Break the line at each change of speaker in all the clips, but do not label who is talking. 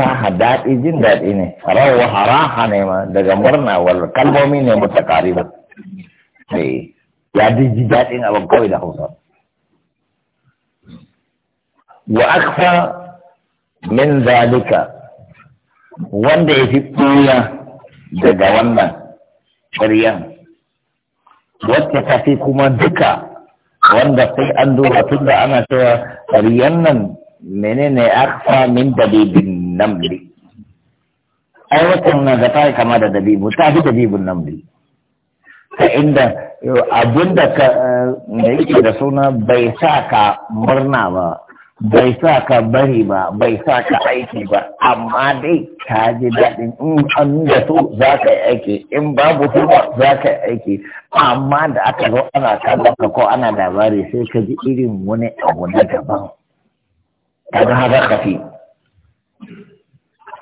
raha daɗi jin daɗi ne rawa haraha ne ma daga murna wal kalmomi ne mutakariba eh ya ji daɗin abin kawai da hausa wa akfa min zalika wanda ya fi ɓuya daga wannan ƙaryan wacce ta fi kuma duka wanda sai an duba tun da ana cewa ƙaryan nan menene akfa min dalibin namli ai watan na ga ta kama da dabibu ta fi dabibun namli ta inda abinda ka eh, da yake da suna bai sa ka murna ba bai sa ka bari ba bai sa ka aiki ba amma dai ka ji daɗin in an da su za ka yi aiki in babu su ba za ka yi aiki amma da aka zo ana kallon ka ko ana labari sai ka ji irin wani abu na daban kaga haka kafi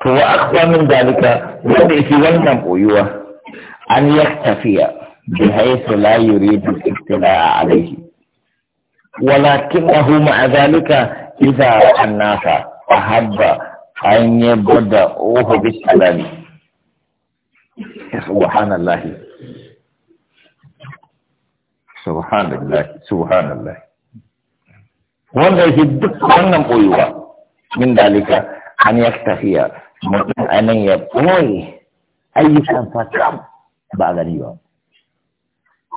to wa akwa min dalika wanda yake wannan boyuwa an yaktafiya bi haythu la yuridu al-ibtilaa alayhi ولكنه مع ذلك إذا الناس أحب أن يبدأوه بالسلام سبحان الله سبحان الله سبحان الله wanda yake duk wannan koyuwa min dalika an yaktafiya mutum a nan ya ɓoye ayyukan fatan ba a gani ba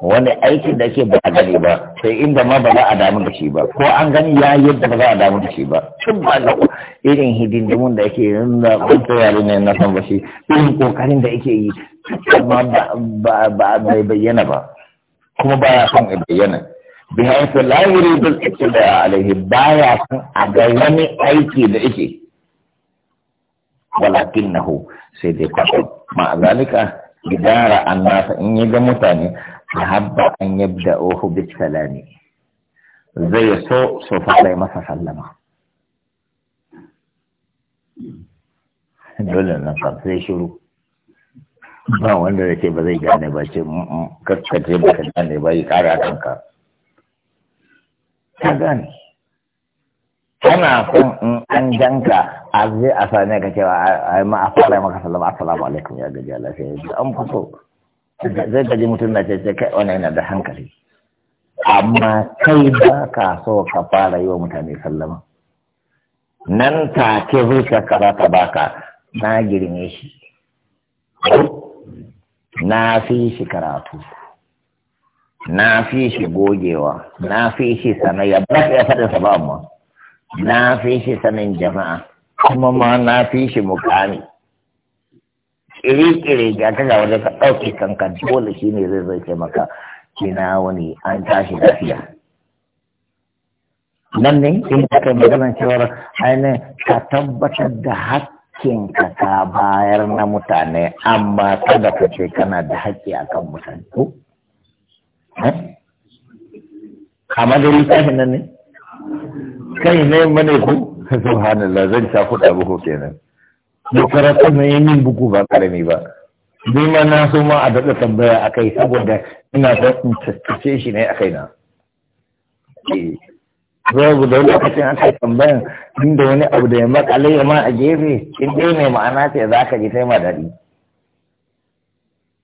wani aikin da ke ba a gani ba sai inda ma ba za a damu da shi ba ko an gani ya yadda ba za a damu da shi ba tun ba na irin hidindimun da yake yin na kwanta yare ne na san ba shi irin kokarin da yake yi amma ba bai bayyana ba kuma ba ya son ya bayyana bihaifu haifu la yuridu da alayhi ba ya son a ga wani aiki da yake ولكنه سيدي قطب مع ذلك إدارة الناس إن يجمتاني أحب أن يبدأوه بالسلام زي سوء سوف علي ما سلم dole na sai shiru ba wanda da ke ba zai gane ba ce kakkace ba ka gane ba yi kara kanka ka gane kana kun in an janka a zai a sami ka cewa a yi fara maka salama assalamu alaikum ya gaji lafiya yanzu an fito zai gaji mutum na ce kai wani yana da hankali amma kai ba ka so ka fara yi wa mutane sallama nan ta zuciya ka kara ta baka na girme shi na fi shi karatu na fi shi gogewa na fi shi sanayya ba ka ya faɗin sa ba amma na fi shi sanin jama'a kuma ma na fi shi mukami kiri-kiri ga wajen ka ɗauke kanka dole shi ne zai zai maka kina wani an tashi lafiya nan ne in ka kai maganar cewar ainihin ka tabbatar da hakkin ka bayar na mutane amma kada ka ce kana da hakki akan mutane ko? Eh? Kamar da tashi nan ne? kai ne mane ku subhanallah zan ta kuɗa buku kenan dokaratar na yi min buku ba karami ba duk ma na so ma a daɗa tambaya a kai saboda ina son in tattace shi ne a kaina eh, babu da lokacin aka tambayan inda wani abu da ya makale ya ma a gefe in dai mai ma'ana ce za ka ji sai ma daɗi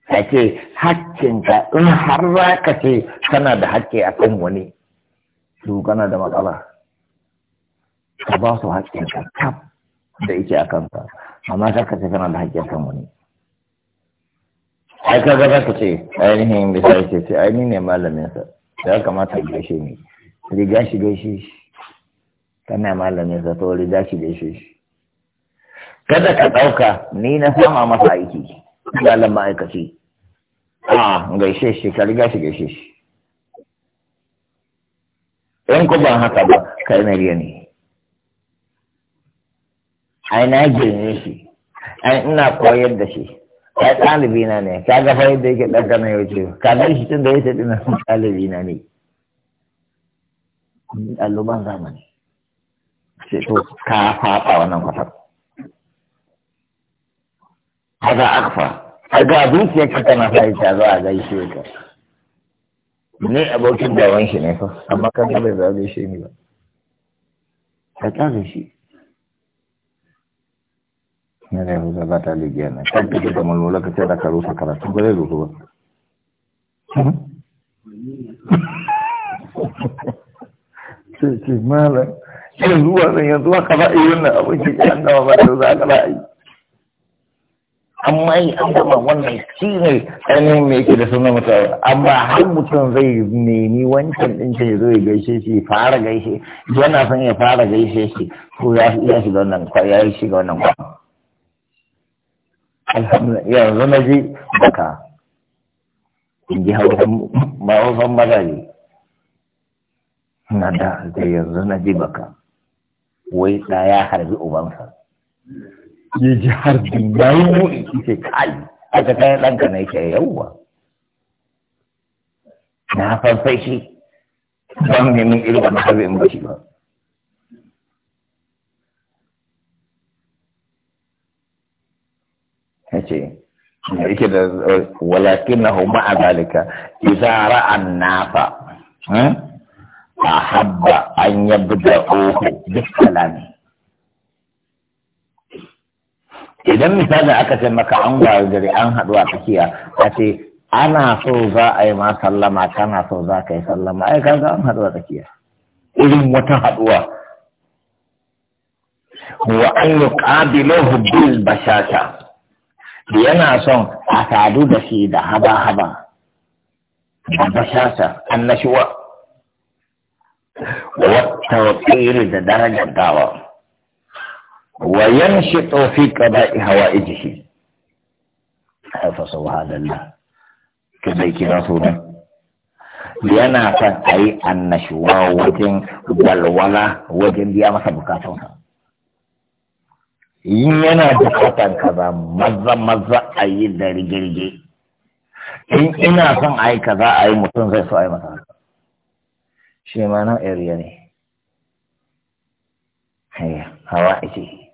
a ce hakkinka in har za ka ce kana da hakki akan wani su gana da matsala ka ba su haƙƙinka kaf da yake a kanka amma kar ka ce kana da haƙƙin kan wani ai kaga za ka ce ainihin misali ce ce ai ni ne malamin sa da ya kamata in gaishe ni riga shi gaishe shi kana malamin sa to riga shi gaishe shi kada ka ɗauka ni na sama masa aiki malam ma'aikaci a gaishe shi ka riga shi gaishe shi in ku ban haka ba kai na ne ai na girme shi ai ina koyar da shi ai ɗalibi na ne ka ga fayar da yake ɗanka na yau ce ka ga shi tun da yake ɗina ɗalibi na ne ɗaliban zamani ce to ka faɗa wannan kwatar haka akfa ka ga dukiyar ka tana fahimta zuwa gaishe ka ne abokin gaban shi ne fa amma kan bai zabe shi ne ba ka kyale shi na ne yahuza ba ta lige ne kan ga mun lola ka ce da ka kara tun bare zuwa ce ba ce hmm? ce malam yanzu wannan yanzu ka ba a yi wannan abin ki an ba da za ka ba yi amma yi an gama wannan shi ne ainihin mai yake da suna mutane amma har mutum zai nemi wancan ɗin ya zo ya gaishe shi fara gaishe shi yana son ya fara gaishe shi ko ya fi iya shiga wannan kwa ya yi shiga wannan kwa alhamdulillah yanzu na ji baka in ji hausan mahausan mazaje na da yanzu na ji baka wai ɗaya harbi ubansa يجهر بالنوم يتكال هذا كان لك أنا يشعي هو نعفا فيشي دم يمين إلو أنا حبي أمبشي له هشي ولكنه مع ذلك إذا رأى النافع أحب أن يبدأوه بالسلام idan misali aka ce maka an gari an haɗu a tsakiya a ce ana so za a yi ma sallama kana so za ka yi sallama ai kaga an haɗu a tsakiya irin wata haɗuwa wa an yuqabiluhu bil bashasha yana son a sadu da shi da haba haba da bashasha annashuwa wa tawqir da darajar dawa wa yanshiqu fi qada'i hawaijihi fa subhanallah kai kira sunan yana son a yi annashuwa wajen walwala wajen biya masa bukatunsa Yin yana bukatan kaza maza maza a yi da rigirge in ina son a yi kaza a yi mutum zai so a yi masa shi ma nan area ne hawa ake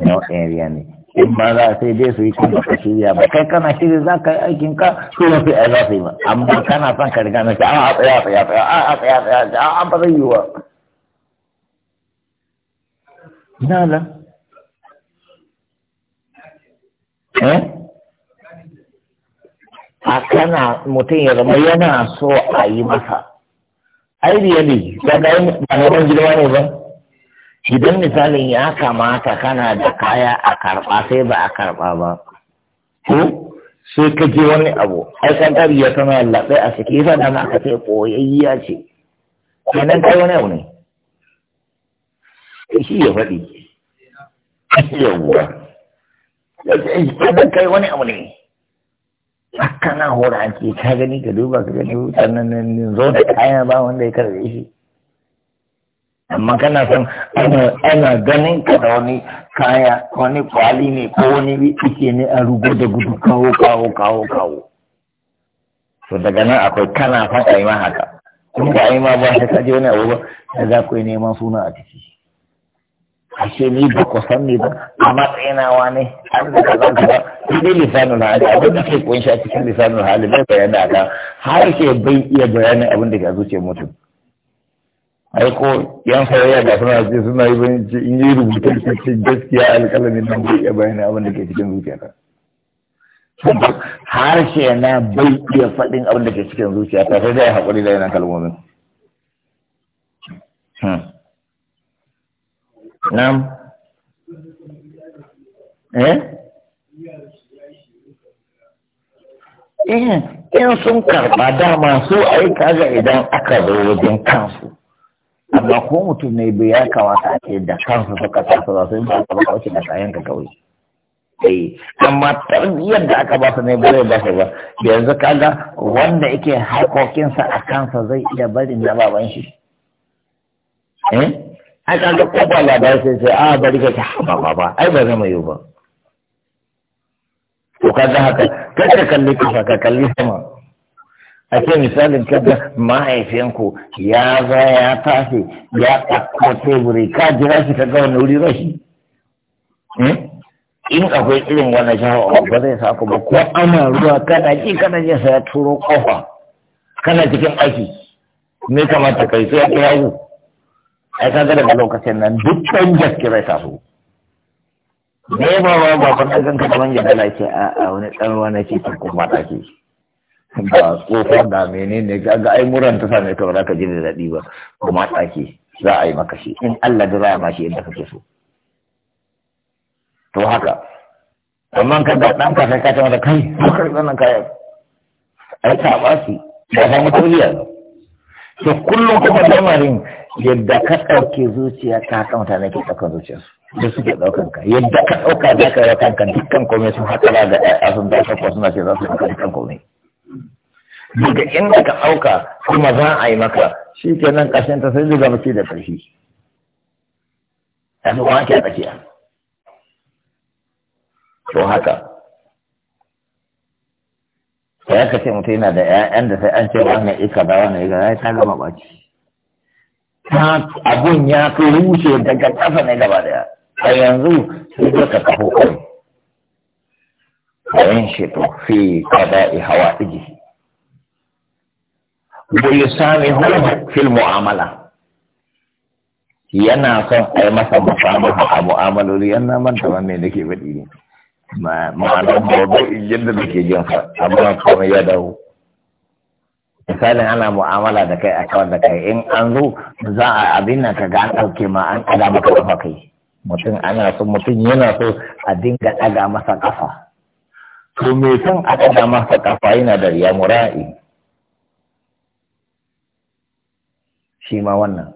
nau'in riya ne in ba za sai dai su yi kan ka shirya ba kai kana shirya za ka yi aikin ka su a za su yi ba amma kana son ka riga na ce a tsaya tsaya tsaya a tsaya tsaya tsaya a ba zai yi wa ina eh a kana mutum ya zama yana so a yi masa ai riya ne ba ga ba ne ba idan misalin ya kamata kana da kaya a karɓa sai ba a karɓa ba ko sai ka je wani abu ai kan tari ya kama labai a sake yasa da aka sai koyayya ce kenan kai wani abu ne shi ya faɗi shi ya yawwa kenan kai wani abu ne kana horanci ka gani ka duba ka gani sannan zo da kaya ba wanda ya karɓe shi amma kana san ana ganin ka da wani kaya wani kwali ne ko wani ike ne a rugu da gudu kawo kawo kawo kawo so daga nan akwai kana son a yi haka kuma ba a yi ma ba shi kaje wani abu ba da za ku yi neman suna a ciki ashe ni ba ku san ni ba a matsayinawa ne an da kaza kaza ni dai lisanin hali abin da ke kunshi a cikin lisanin hali bai bayyana kan har ke bai iya bayanin abin da ke zuciyar mutum ai ko yan sarayya ga suna ce suna yi bayanci in yi rubuta cikin gaskiya alƙalami nan bai iya bayani abin da ke cikin zuciyata harshe na bai iya faɗin abin da ke cikin zuciyata sai dai haƙuri da yana kalmomin hmm. nam eh? eh in sun karɓa dama su aika ga idan aka zo wajen kansu amma ko mutum ne bai ya kawata a ce da kansu suka tafi za su yi ba ba kawai da kayan ka kawai eh, amma tarbiyyar da aka ba su ne bai ba su ba yanzu kaga wanda yake harkokinsa a kansa zai iya barin na baban shi eh ai kaga ko ba labarai sai sai a ah, bari ka ta ba ba ba ai ba zama yau ba to kaga haka kada kalli kusa ka kalli sama a ce misalin kada mahaifinku ya zo ya tashi ya ɗauko teburi ka jira shi ka ga wani wuri rashi hmm? in akwai irin wannan shahawa ba zai sa ku ba ko ana ruwa kana ki kana je sai turo kofa kana cikin aiki me kamata kai sai ka yawo ai ka ga daga lokacin nan duk dukkan jaskirai ta so ne ba ba ba kuma kan kaman yadda na ce a wani ɗan ruwa na ce ko mata ba tsofa da menene ga ga ai muran ta same ka ba za ka ji da dadi ba kuma tsaki za a yi maka shi in Allah da za a bashi yadda kake so to haka amma ka ga ɗan ka sai ka ta da kai ko ka nan kayan ai ta ba shi ba ga mutuliya to kullum kuma lamarin yadda ka dauke zuciya ta haka mutane ke ɗaukar zuciyarsu da suke ɗaukan ka yadda ka ɗauka za ka yi kanka dukkan komai sun haka da ɗaya sun ko suna ce za su yi kanka komai daga inda ka ɗauka kuma za a yi maka shi ke nan ƙashin ta sai zuga mace da ƙarfi a zuwa ke tsakiya to haka sai aka ce mutum yana da 'ya'yan da sai an ce mai ika ba wani ika ya ta gama baki. ta abun ya fi rushe daga ƙasa ne gaba daya a yanzu sai ka kafo ƙwai. وينشط في قضاء حوائجه ويسامحه في المعامله yana son a yi masa musamaha a mu'amaloli yana manta ma me nake faɗi ne ma'anar mawadu yadda da ke jin sa amma kuma ya dawo misalin ana mu'amala da kai a kawar da kai in an zo za a abin nan ka ga an ɗauke ma an ɗaga maka kafa kai mutum ana so mutum yana so a dinga ɗaga masa kafa to me san aka da ka kafa yana da riya mura'i shi ma wannan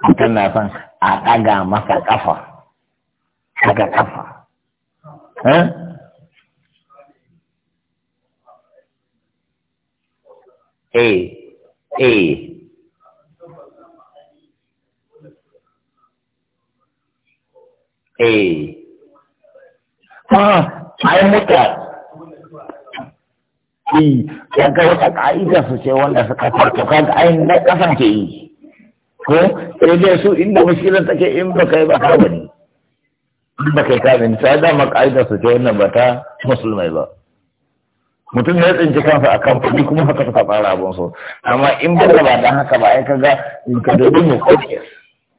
mutum na son a ɗaga masa kafa daga kafa eh eh eh, eh. ah ai muta yi ga wata ka'ida su ce wanda suka farko kaga ai na kasan ke yi ko sai dai su inda mushkilar take in ba kai ba ka bane in ba kai ka bane sai da ka'ida su ce wannan ba ta musulmai ba mutum ya tsinci kansa a kan kuma haka suka fara abin so amma in ba ba dan haka ba ai kaga in ka dubi mu kokiya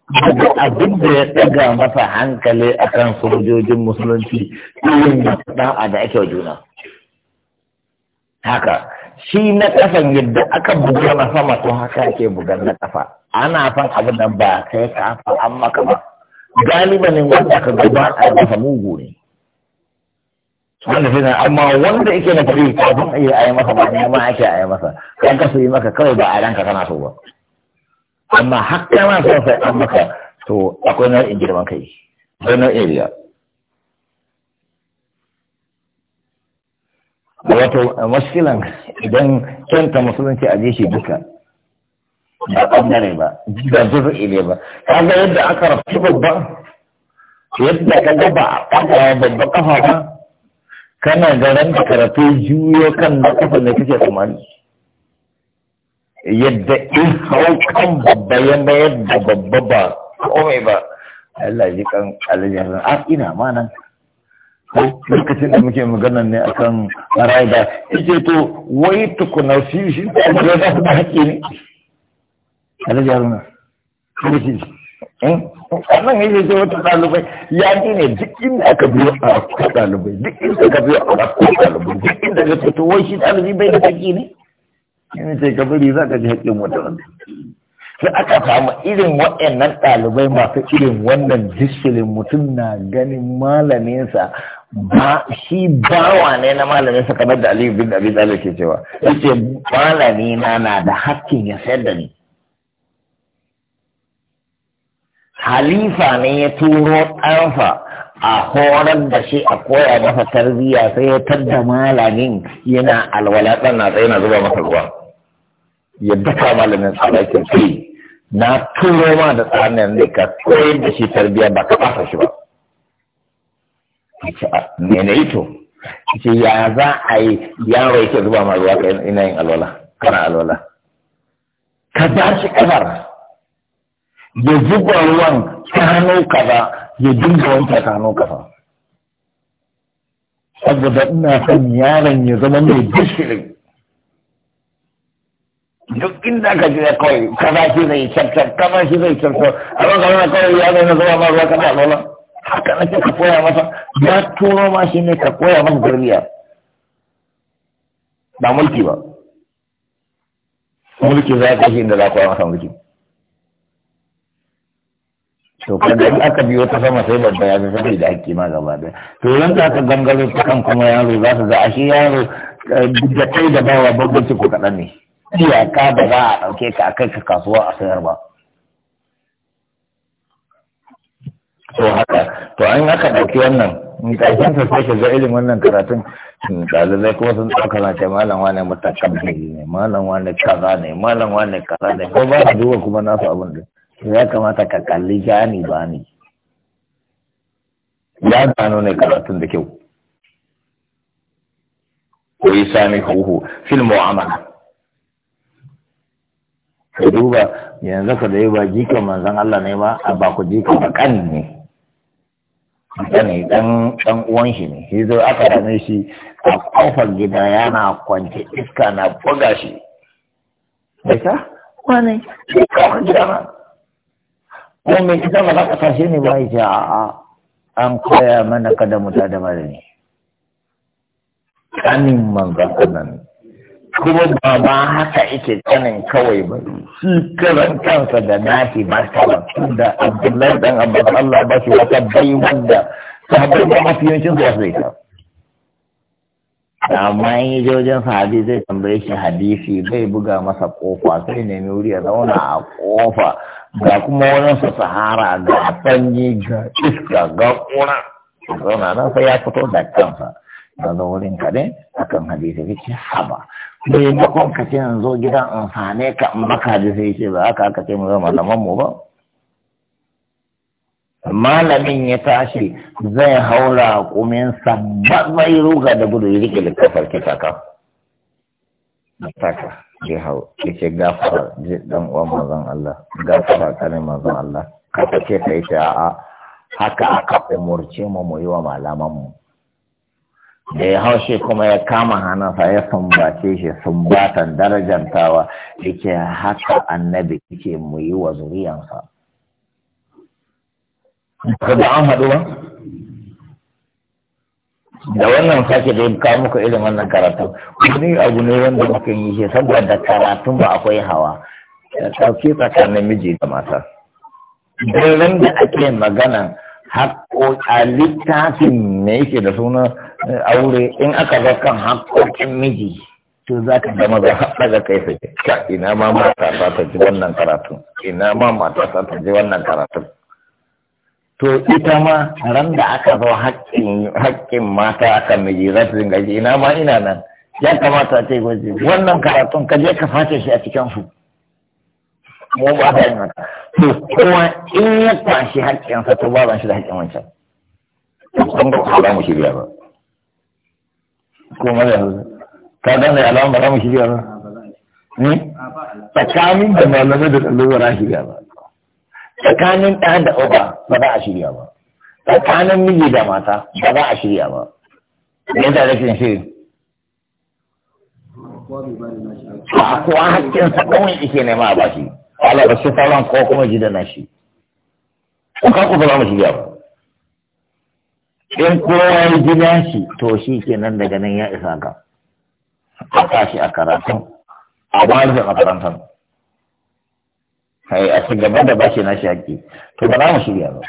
daga abin da ya ɗaga masa hankali a kan sojojin musulunci irin da'a da ake juna haka shi na ƙasan yadda aka buga na sama to haka ake bugar na ƙafa ana fan abin da ba sai ka an maka ba galibanin wanda ka gaba a ƙafa mugu ne wanda sai amma wanda yake na tafi kafin a yi masa ba ne ma ake a yi masa kan ka su yi maka kawai ba a ranka kana so ba amma haka ma sun fai an maka to akwai nau'in girman kai akwai nau'in riya wato mashkilan idan kyanta musulunci a jeshi shi duka ba ɓangare ba da zuru ile ba kaga yadda aka rafi babban yadda ka ga ba a ɓangare babban kafa ba kana garanta karatu juyo kan na kafa ne kake tsammani yadda in haukan babba ya mayar da babba ba komai ba Allah ji kan alajin a ah, ina ma nan lokacin da muke magana ne akan raida yace to wai tukuna shi shi da da haƙi ne alajin haruna kuma shi eh, wannan ce wata ɗalibai ya ji ne duk inda aka biyo a ɗalibai duk inda aka biyo a ɗalibai duk inda ka fito wai shi ɗalibai bai da haƙi ne in ce ka bari za ka ji haƙƙin wata sai aka samu irin waɗannan ɗalibai masu irin wannan disfilin mutum na ganin malaminsa ba shi bawa ne na malaminsa kamar da aliyu bin abi talib ke cewa yace malami na na da haƙƙin ya sayar da ni halifa ne ya turo ɗanfa. a horar da shi a koya masa tarbiyya sai ya tadda malamin yana alwala na tsaye na zuba masa ruwa ya ka malamin tsarakin kai na turo ma da tsarin ne ka koyar da shi tarbiyya ba ka ɓata shi ba mene ito ce ya za a yi yaro yake zuba ma ruwa ina yin alwala kana alwala ka ba shi ƙasar ya zuba ruwan ta hannu kaza ya dinga wanke ta hannu kaza saboda ina son yaron ya zama mai dishirin duk inda ka je kawai kaza shi zai cancan kaza shi zai cancan a ban na kawai ya na zama ma ruwa kaza lola haka na ce ka koya masa ya turo ma shi ne ka koya masa tarbiyya ba mulki ba mulki za ka shi inda za ka koya masa mulki to kaga aka biyo ta sama sai babba ya ga sai da hakki ma gaba da to yanzu da ka gangaro ta kan kuma yaro za su ga ashe yaro eh, da kai da bawa babban ko kaɗan ne iyaka da za a ɗauke ka a kai ka kasuwa a sayar ba
to haka to an aka ɗauki wannan
in ƙarshen ta sai ga irin wannan karatun hmm, ɗalibai kuma sun ɗauka na ce malam wane mutakan ne malam wane kaza ne malam wane kaza ne ko ba a duba kuma nasu abin da to ya kamata ka kalli jani bani ya gano ne karatun da kyau ko yi sami huhu fil mu'amala ka duba yanzu ka da yi ba jikin manzan Allah ne ba a ba ku jikan ba kan ne ne dan uwan shi ne shi zo aka dame shi a kofar gida yana kwance iska na buga shi bai sa wani shi kofar gida ko me ita ba za ka kashe ne ba ya a'a an koya mana kada mu da ne kanin manzon nan kuma ba ba haka ike kanin kawai ba shi karan kansa da nashi ba da da abdullahi dan abbas allah ba shi wata bai wanda sahabbai da mafi yancin su wasu ita amma in yi jojen sahabi zai tambaye shi hadisi bai buga masa kofa sai nemi wuri ya zauna a kofa ga kuma su sahara ga sanyi ga iska ga ƙura zauna nan sai ya fito da kansa da zaurin ka ne hadisi sai ce haba me makon ka ce zo gidan amfane ka in maka sai ce ba haka aka ce mu zama zaman mu ba malamin ya tashi zai haura kumin sabbat mai ruga da gudu ya rike kafar kitaka. Taka. ya hau yake gafara dan uwan mazan Allah gafara kanin mazan Allah ka take ta a haka aka umurce mu mu yi wa malaman mu da ya haushe kuma ya kama sa ya sumbace shi sumbatan darajantawa yake haka annabi yake mu yi wa zuriyansa. an haɗu da wannan sake da ka kawo muku irin wannan karatu wani abu ne wanda muka yi shi saboda karatun ba akwai hawa da tsakanin miji da mata don da ake magana haƙoƙa littafin ne yake da suna eh, aure in aka ga kan haƙoƙin miji to za ka zama za ga kai sai ina mata ta ji wannan karatu ina ma mata ta ji wannan karatu to ita ma ran da aka zo haƙƙin mata aka miji za gaji ina ma ina nan
ya kamata
ce gwaji wannan karatun ka je ka fashe shi a cikin su mu ba ta yin to kuma in ya tashi sa to ba shi da haƙƙin wancan kun ga ba mu shirya ba kuma da ka ga ne alama ba mu shirya ba Ni hmm? tsakanin da malamai da ɗalibai ba shirya ba tsakanin ɗa da uba ba za a shirya ba tsakanin miji da mata ba za a shirya ba me da rashin shi a kuwa hakkin sa kawai ike nema a bashi ala ba shi falon ko kuma ji da nashi ko ka ku ba za mu shirya ba in kowa ya ji nashi to shi ke nan daga nan ya isa ka a kashi a karatun a bayar da makarantar hai a cikin gaba da bashi na shi haƙƙi to ba za mu shirya ba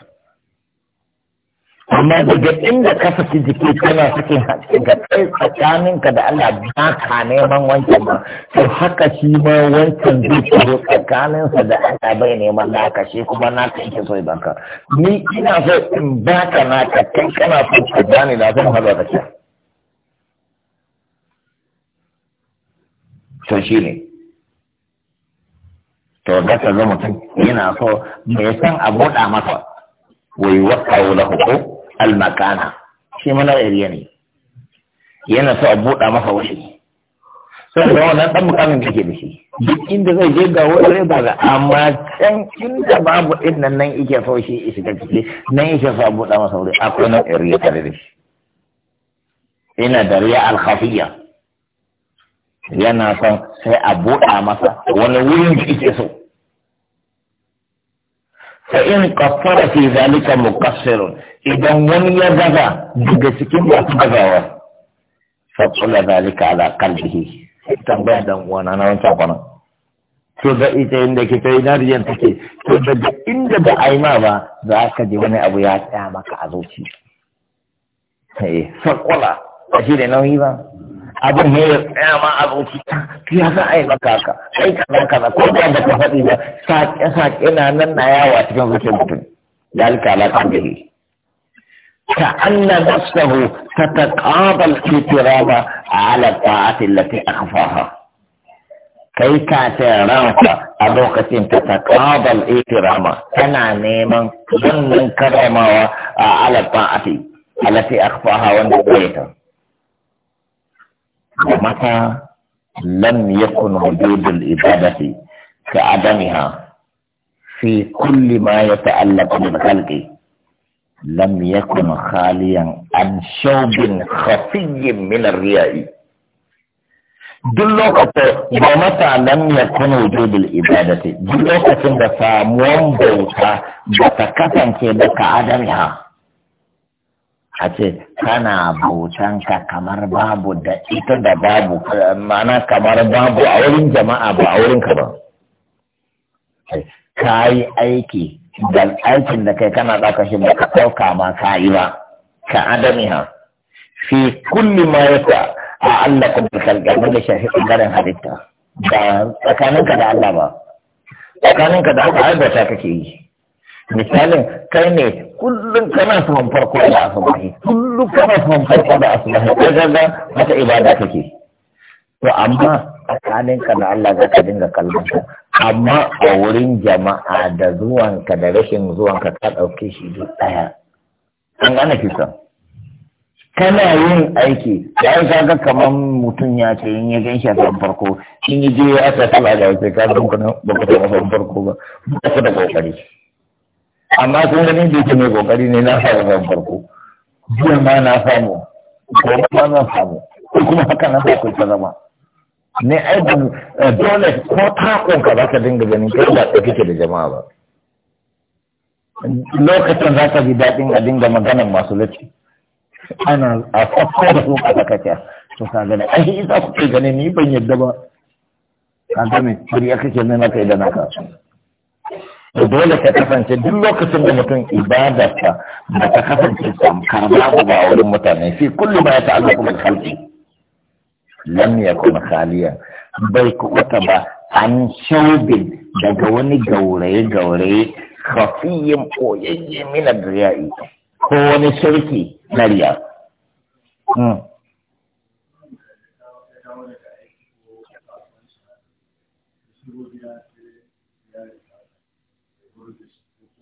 amma daga inda ka saki jiki kana sakin haƙƙi ga kai tsakaninka da Allah ba ka neman wancan ba to haka shi ma wancan zai tsaro tsakaninsa da Allah bai neman naka shi kuma na ka yake so baka ni ina so in na ka kai kana so ka gane na zan hada da shi to shi ne to da ka ga mutum yana so bai san a buɗa masa wai wakawo da hukum almakana shi mana iriya ne yana so a buɗa masa wuri sai da wannan dan mukamin da ke da shi duk inda zai je ga wani ba ga amma can inda babu din nan nan yake so shi ya shiga ciki nan yake so a buɗa masa wuri akwai nan iriya tare da shi ina da riya alkhafiyya yana son sai a buɗa masa wani wurin da yake so fa in qaffara fi zalika muqassir idan wani ya gaza daga cikin masu gazawa fa qala zalika ala qalbihi tambaya dan na wancan kwana to da ita inda ke ta na riyan take to daga inda ba a yi ma ba za ka ji wani abu ya tsaya maka a zuci eh fa ba shi da nauyi ba abin ne ya tsaya ma a zuciya ya za a yi maka haka sai kaza kaza ko da da ka faɗi ba saƙe saƙe na nan na yawa cikin zuciyar mutum ya alka alaƙa da shi ka anna nafsahu tataqabal itiraba ala ta'ati allati akhfaha kai ka ta ranka a lokacin ta taqabal itirama tana neman wannan karamawa a ala ta'ati allati akhfaha wanda bai ta ومتى لم يكن وجود الإبادة كعدمها في كل ما يتعلق بالخلق لم يكن خاليا عن شوب خفي من الرياء duk lokacin ba mata nan ya kuna duk lokacin da samuwan bauta ba ta kasance da ka a ce kana bautan ka kamar babu da ita da babu mana kamar babu a wurin jama'a ba a wurin ka ba ka yi aiki da aikin da kai kana ɗauka shi ba ka ɗauka ma ka yi ba ka adami ha fi kulli ma yasa a Allah kun da kalgar da shafi ɓangaren halitta ba tsakaninka da Allah ba tsakaninka da Allah ba ta kake yi misalin kai ne kullum kana son farko da asubahi kullum kana son farko da asubahi kai gaga wata ibada kake to amma tsakanin ka da Allah za ka dinga kallon ka amma a wurin jama'a da zuwan ka da rashin zuwan ka ɗauke shi duk ɗaya an gane kisan kana yin aiki da an zaga kamar mutum ya ce in ya gan shi a farko in yi je ya aka sala da ya ka don ba ka farko ba ba ka da kokari amma sun gani da ke mai kokari ne na samu ban farko jiya ma na samu ko ma na samu ko kuma haka na ba ku zama ne ai ban eh, dole ko ta takon ka dinga ganin kai ba ka kike da jama'a ba lokacin za ka ji daɗin a dinga maganan masu lati ana a kwakwa da su ka ta to ka gane ai za ku kai gani ni ban yadda ba ka gane shirya kake nuna kai da naka to dole ka kasance duk lokacin da mutum ibadarsa ba ta kasance tamkar babu ba wurin mutane fi kullum ba ya ta'allaqu bil khalqi lam kuma khaliyan bai kuɓuta ba an shaube daga wani gauraye gauraye khafiyin koyayye min riya'i ko wani shirki na riya hmm.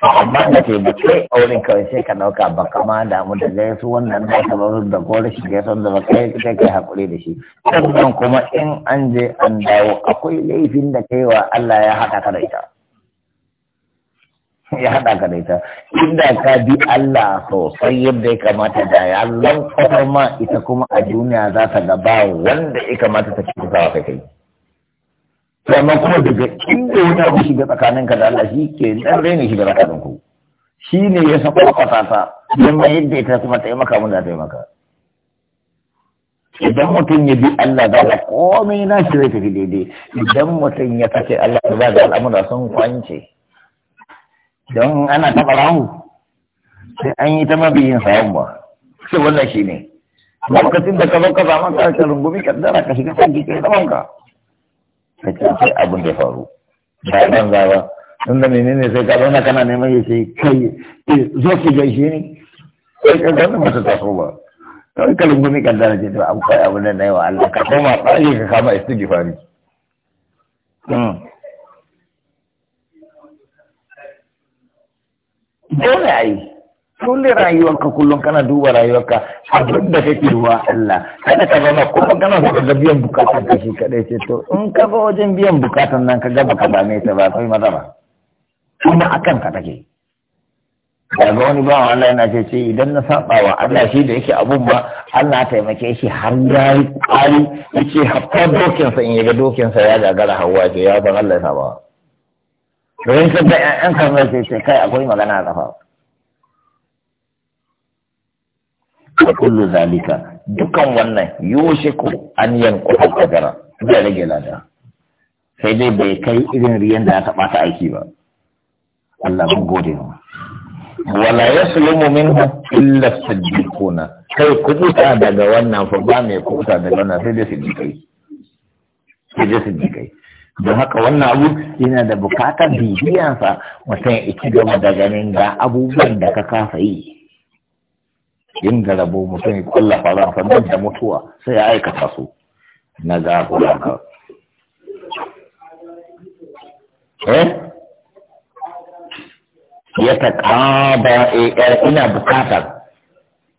amma da ke da kai a kawai sai ka dauka ba kama damu da su wannan da ka bar da gore shi gaisu da ba kai kai kai hakuri da shi sannan kuma in an je an dawo akwai laifin da kai wa Allah ya haɗa ka da ita ya haɗa ka da ita inda ka bi Allah sosai yadda ya kamata da ya lankwasar ma ita kuma a duniya za ta gaba wanda ya kamata ta ci kusa kai kai sannan kuma daga inda wani abu shiga tsakanin ka da Allah shi ke dan raina shiga ku shi ne ya sako kwata ta don yadda ita kuma ta yi maka mun za ta yi maka idan mutum ya bi Allah da ka komai na shi zai tafi daidai idan mutum ya kace Allah za ga al'amura sun kwance don ana taɓa rahu sai an yi ta mabiyin sayan ba sai wannan shi ne lokacin da ka zo ka zama ka rungumi kaddara ka shiga sanki kai ka. sai ka sai abin da faru ba ban za ba tun da menene sai ka zauna kana neman ya ce kai eh, zo ki gaishe ni sai ka zauna mata taso ba kawai ka lungumi kan dana ce to an kai abin da na yi wa Allah ka koma tsari ka kama istighfari hmm. dole a yi kullum rayuwarka kullum kana duba rayuwarka abin da kake ruwa Allah kada ka zama kuma kana so ga biyan bukatan ka shi kadai ce to in ka ga wajen biyan bukatan nan ka ga ba mai ta ba kai maza ba kuma akan ka take daga wani ba Allah yana ce ce idan na saba wa Allah shi da yake abun ba Allah taimake shi har ya yi kwari yace hatta dokinsa in yaga sa ya gagara hawa ce ya ban Allah ya saba. in ka ga an kan sai kai akwai magana a kafa. wa kullu zalika dukan wannan yoshe ko an ko kagara da rage lada sai dai bai kai irin riyan da aka bata aiki ba Allah mun gode mu wala yaslumu minhu illa siddiquna kai kubuta daga wannan fa ba mai kubuta daga wannan sai dai siddiqai sai dai siddiqai don haka wannan abu yana da bukatar bibiyansa mutum ya ci gaba da ganin ga abubuwan da ka kasa yi yin da rabo mutum ya kulla faran sannan da mutuwa sai ya aikata su na gafura ka eh ya ta kaba ar ina bukatar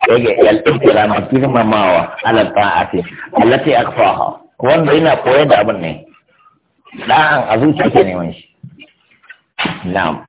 yage al-ihtiram girmamawa ala ta'ati allati akfaha wanda ina koyar da abin ne da'an a zuciya ke neman shi na'am